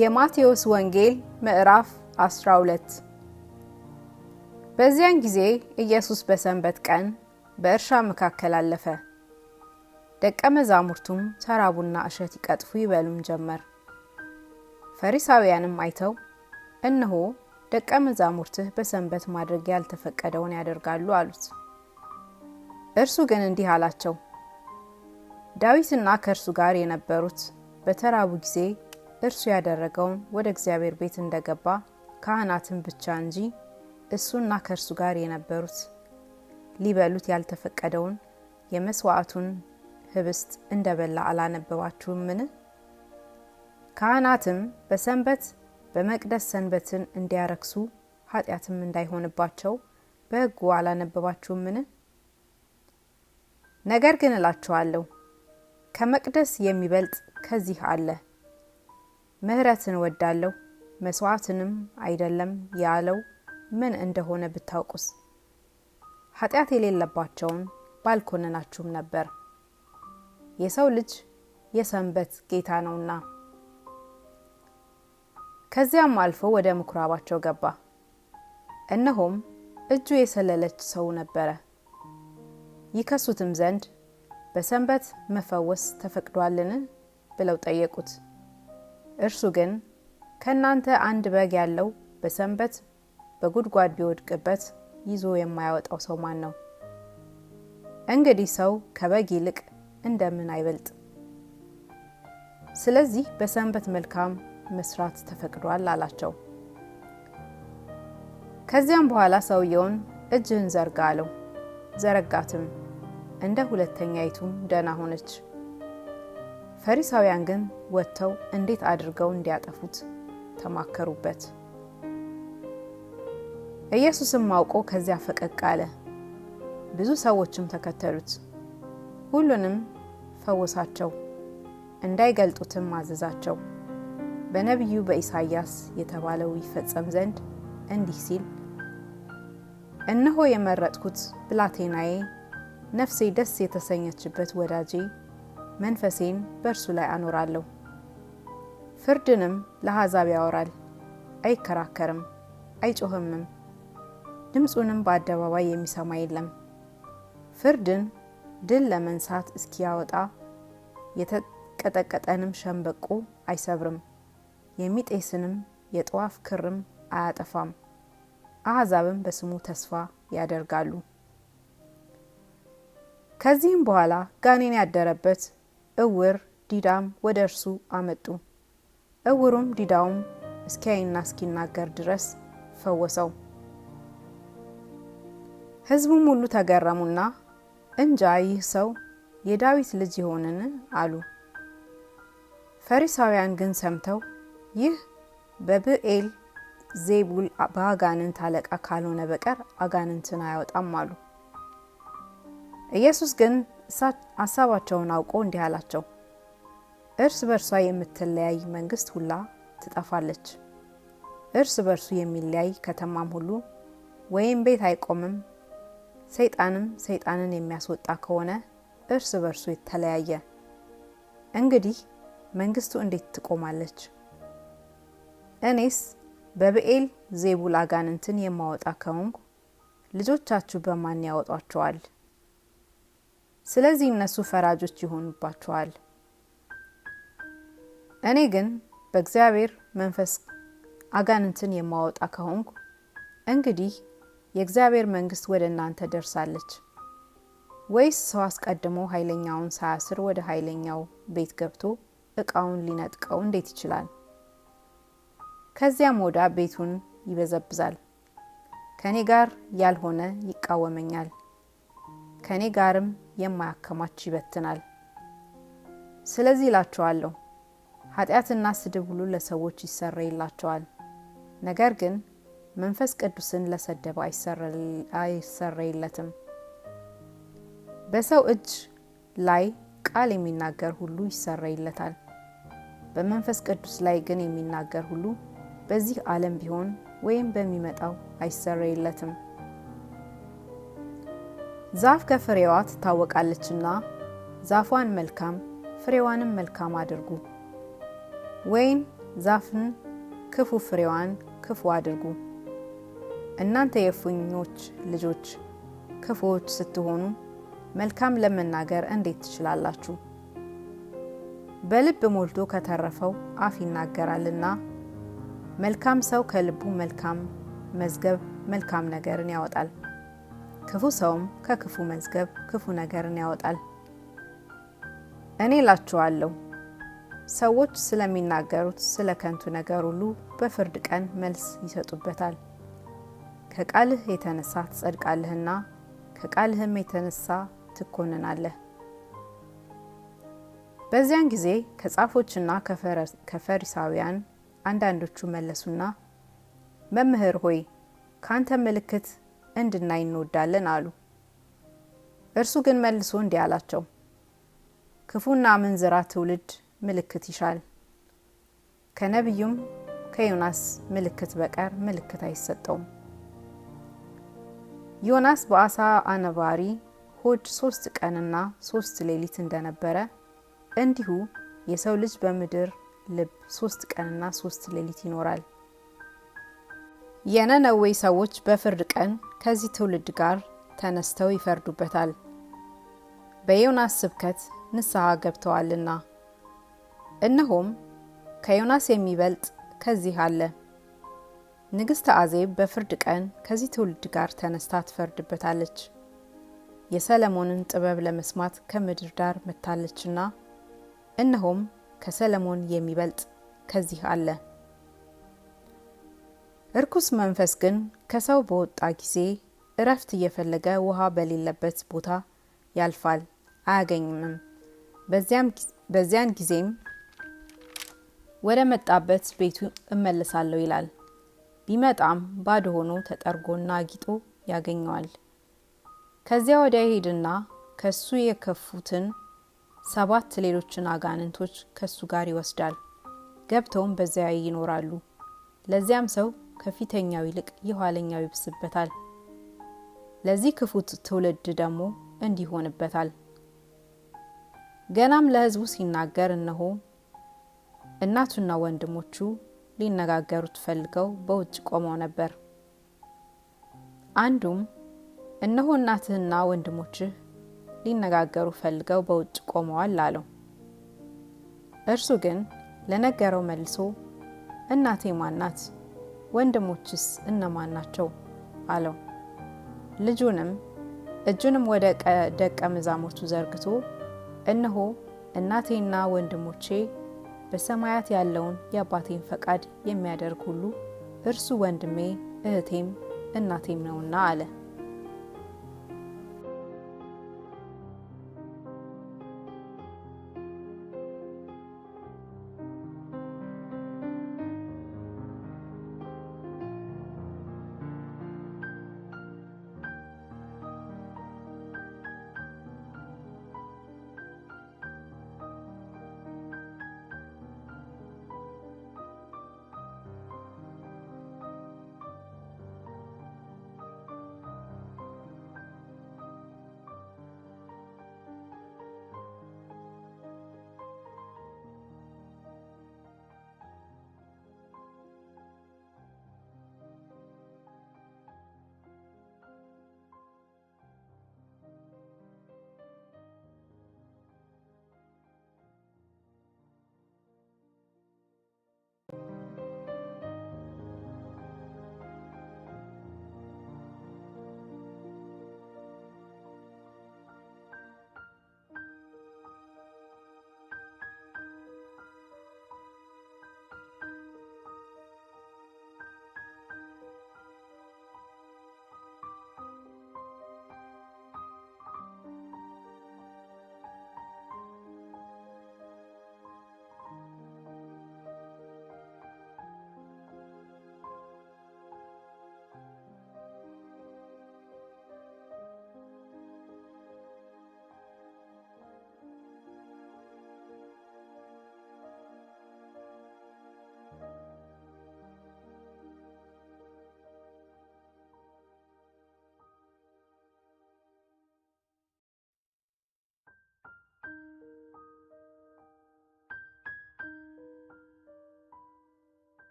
የማቴዎስ ወንጌል ምዕራፍ 12 በዚያን ጊዜ ኢየሱስ በሰንበት ቀን በእርሻ መካከል አለፈ። ደቀ መዛሙርቱም ተራቡና እሸት ይቀጥፉ ይበሉም ጀመር። ፈሪሳውያንም አይተው እነሆ ደቀ መዛሙርትህ በሰንበት ማድረግ ያልተፈቀደውን ያደርጋሉ አሉት። እርሱ ግን እንዲህ አላቸው፣ ዳዊትና ከእርሱ ጋር የነበሩት በተራቡ ጊዜ እርሱ ያደረገውን ወደ እግዚአብሔር ቤት እንደገባ ካህናትን ብቻ እንጂ እሱና ከእርሱ ጋር የነበሩት ሊበሉት ያልተፈቀደውን የመስዋዕቱን ህብስት እንደበላ አላነበባችሁምን? ካህናትም በሰንበት በመቅደስ ሰንበትን እንዲያረክሱ ኃጢአትም እንዳይሆንባቸው በሕጉ አላነበባችሁምን? ነገር ግን እላችኋለሁ ከመቅደስ የሚበልጥ ከዚህ አለ። ምህረትን ወዳለሁ መስዋዕትንም አይደለም ያለው ምን እንደሆነ ብታውቁስ ኃጢአት የሌለባቸውን ባልኮነናችሁም ነበር። የሰው ልጅ የሰንበት ጌታ ነውና። ከዚያም አልፎ ወደ ምኩራባቸው ገባ። እነሆም እጁ የሰለለች ሰው ነበረ። ይከሱትም ዘንድ በሰንበት መፈወስ ተፈቅዷልን? ብለው ጠየቁት። እርሱ ግን ከእናንተ አንድ በግ ያለው በሰንበት በጉድጓድ ቢወድቅበት ይዞ የማያወጣው ሰው ማን ነው? እንግዲህ ሰው ከበግ ይልቅ እንደምን አይበልጥ? ስለዚህ በሰንበት መልካም መስራት ተፈቅዷል አላቸው። ከዚያም በኋላ ሰውየውን እጅህን ዘርጋ አለው። ዘረጋትም፣ እንደ ሁለተኛይቱም ደህና ሆነች። ፈሪሳውያን ግን ወጥተው እንዴት አድርገው እንዲያጠፉት ተማከሩበት። ኢየሱስም አውቆ ከዚያ ፈቀቅ አለ። ብዙ ሰዎችም ተከተሉት። ሁሉንም ፈወሳቸው፣ እንዳይገልጡትም አዘዛቸው። በነቢዩ በኢሳይያስ የተባለው ይፈጸም ዘንድ እንዲህ ሲል እነሆ የመረጥኩት ብላቴናዬ፣ ነፍሴ ደስ የተሰኘችበት ወዳጄ መንፈሴን በእርሱ ላይ አኖራለሁ። ፍርድንም ለአሕዛብ ያወራል፣ አይከራከርም፣ አይጮህምም። ድምፁንም በአደባባይ የሚሰማ የለም። ፍርድን ድል ለመንሳት እስኪያወጣ የተቀጠቀጠንም ሸምበቆ አይሰብርም፣ የሚጤስንም የጠዋፍ ክርም አያጠፋም። አሕዛብም በስሙ ተስፋ ያደርጋሉ። ከዚህም በኋላ ጋኔን ያደረበት እውር ዲዳም ወደ እርሱ አመጡ። እውሩም ዲዳውም እስኪያይና እስኪናገር ድረስ ፈወሰው። ሕዝቡም ሁሉ ተገረሙና እንጃ ይህ ሰው የዳዊት ልጅ ይሆንን አሉ። ፈሪሳውያን ግን ሰምተው ይህ በብኤል ዜቡል በአጋንንት አለቃ ካልሆነ በቀር አጋንንትን አያወጣም አሉ። ኢየሱስ ግን ሀሳባቸውን አውቆ እንዲህ አላቸው፣ እርስ በርሷ የምትለያይ መንግስት ሁላ ትጠፋለች። እርስ በርሱ የሚለያይ ከተማም ሁሉ ወይም ቤት አይቆምም። ሰይጣንም ሰይጣንን የሚያስወጣ ከሆነ እርስ በርሱ የተለያየ፣ እንግዲህ መንግስቱ እንዴት ትቆማለች? እኔስ በብኤል ዜቡል አጋንንትን የማወጣ ከሆንኩ ልጆቻችሁ በማን ያወጧቸዋል? ስለዚህ እነሱ ፈራጆች ይሆኑባቸዋል እኔ ግን በእግዚአብሔር መንፈስ አጋንንትን የማወጣ ከሆንኩ እንግዲህ የእግዚአብሔር መንግስት ወደ እናንተ ደርሳለች። ወይስ ሰው አስቀድሞ ኃይለኛውን ሳያስር ወደ ኃይለኛው ቤት ገብቶ እቃውን ሊነጥቀው እንዴት ይችላል? ከዚያም ወዳ ቤቱን ይበዘብዛል። ከእኔ ጋር ያልሆነ ይቃወመኛል። ከእኔ ጋርም የማያከማች ይበትናል። ስለዚህ እላችኋለሁ ኃጢአትና ስድብ ሁሉ ለሰዎች ይሰረይላቸዋል፣ ነገር ግን መንፈስ ቅዱስን ለሰደበ አይሰረይለትም። በሰው እጅ ላይ ቃል የሚናገር ሁሉ ይሰረይለታል፣ በመንፈስ ቅዱስ ላይ ግን የሚናገር ሁሉ በዚህ ዓለም ቢሆን ወይም በሚመጣው አይሰረይለትም። ዛፍ ከፍሬዋ ትታወቃለችና ዛፏን መልካም ፍሬዋንም መልካም አድርጉ። ወይን ዛፍን ክፉ ፍሬዋን ክፉ አድርጉ። እናንተ የፉኞች ልጆች ክፉዎች ስትሆኑ መልካም ለመናገር እንዴት ትችላላችሁ? በልብ ሞልቶ ከተረፈው አፍ ይናገራልና። መልካም ሰው ከልቡ መልካም መዝገብ መልካም ነገርን ያወጣል። ክፉ ሰውም ከክፉ መዝገብ ክፉ ነገርን ያወጣል። እኔ እላችኋለሁ ሰዎች ስለሚናገሩት ስለ ከንቱ ነገር ሁሉ በፍርድ ቀን መልስ ይሰጡበታል። ከቃልህ የተነሳ ትጸድቃለህና ከቃልህም የተነሳ ትኮንናለህ። በዚያን ጊዜ ከጻፎችና ከፈሪሳውያን አንዳንዶቹ መለሱና መምህር ሆይ ከአንተ ምልክት እንድናይ እንወዳለን አሉ። እርሱ ግን መልሶ እንዲህ አላቸው፣ ክፉና ምንዝራ ትውልድ ምልክት ይሻል፣ ከነቢዩም ከዮናስ ምልክት በቀር ምልክት አይሰጠውም። ዮናስ በአሳ አነባሪ ሆድ ሶስት ቀንና ሶስት ሌሊት እንደነበረ እንዲሁ የሰው ልጅ በምድር ልብ ሶስት ቀንና ሶስት ሌሊት ይኖራል። የነነዌ ሰዎች በፍርድ ቀን ከዚህ ትውልድ ጋር ተነስተው ይፈርዱበታል፣ በዮናስ ስብከት ንስሐ ገብተዋልና። እነሆም ከዮናስ የሚበልጥ ከዚህ አለ። ንግሥተ አዜብ በፍርድ ቀን ከዚህ ትውልድ ጋር ተነስታ ትፈርድበታለች። የሰለሞንን ጥበብ ለመስማት ከምድር ዳር መታለችና፣ እነሆም ከሰለሞን የሚበልጥ ከዚህ አለ። እርኩስ መንፈስ ግን ከሰው በወጣ ጊዜ እረፍት እየፈለገ ውሃ በሌለበት ቦታ ያልፋል አያገኝምም። በዚያን ጊዜም ወደ መጣበት ቤቱ እመለሳለሁ ይላል። ቢመጣም ባዶ ሆኖ ተጠርጎና አጊጦ ያገኘዋል። ከዚያ ወዲያ ይሄድና ከሱ የከፉትን ሰባት ሌሎችን አጋንንቶች ከሱ ጋር ይወስዳል። ገብተውም በዚያ ይኖራሉ። ለዚያም ሰው ከፊተኛው ይልቅ የኋለኛው ይብስበታል። ለዚህ ክፉት ትውልድ ደግሞ እንዲሆንበታል። ገናም ለሕዝቡ ሲናገር እነሆ እናቱና ወንድሞቹ ሊነጋገሩት ፈልገው በውጭ ቆመው ነበር። አንዱም እነሆ እናትህና ወንድሞችህ ሊነጋገሩ ፈልገው በውጭ ቆመዋል አለው። እርሱ ግን ለነገረው መልሶ እናቴ ማን ናት? ወንድሞችስ እነማን ናቸው አለው። ልጁንም እጁንም ወደ ደቀ መዛሙርቱ ዘርግቶ እነሆ እናቴና ወንድሞቼ በሰማያት ያለውን የአባቴን ፈቃድ የሚያደርግ ሁሉ እርሱ ወንድሜ፣ እህቴም እናቴም ነውና አለ።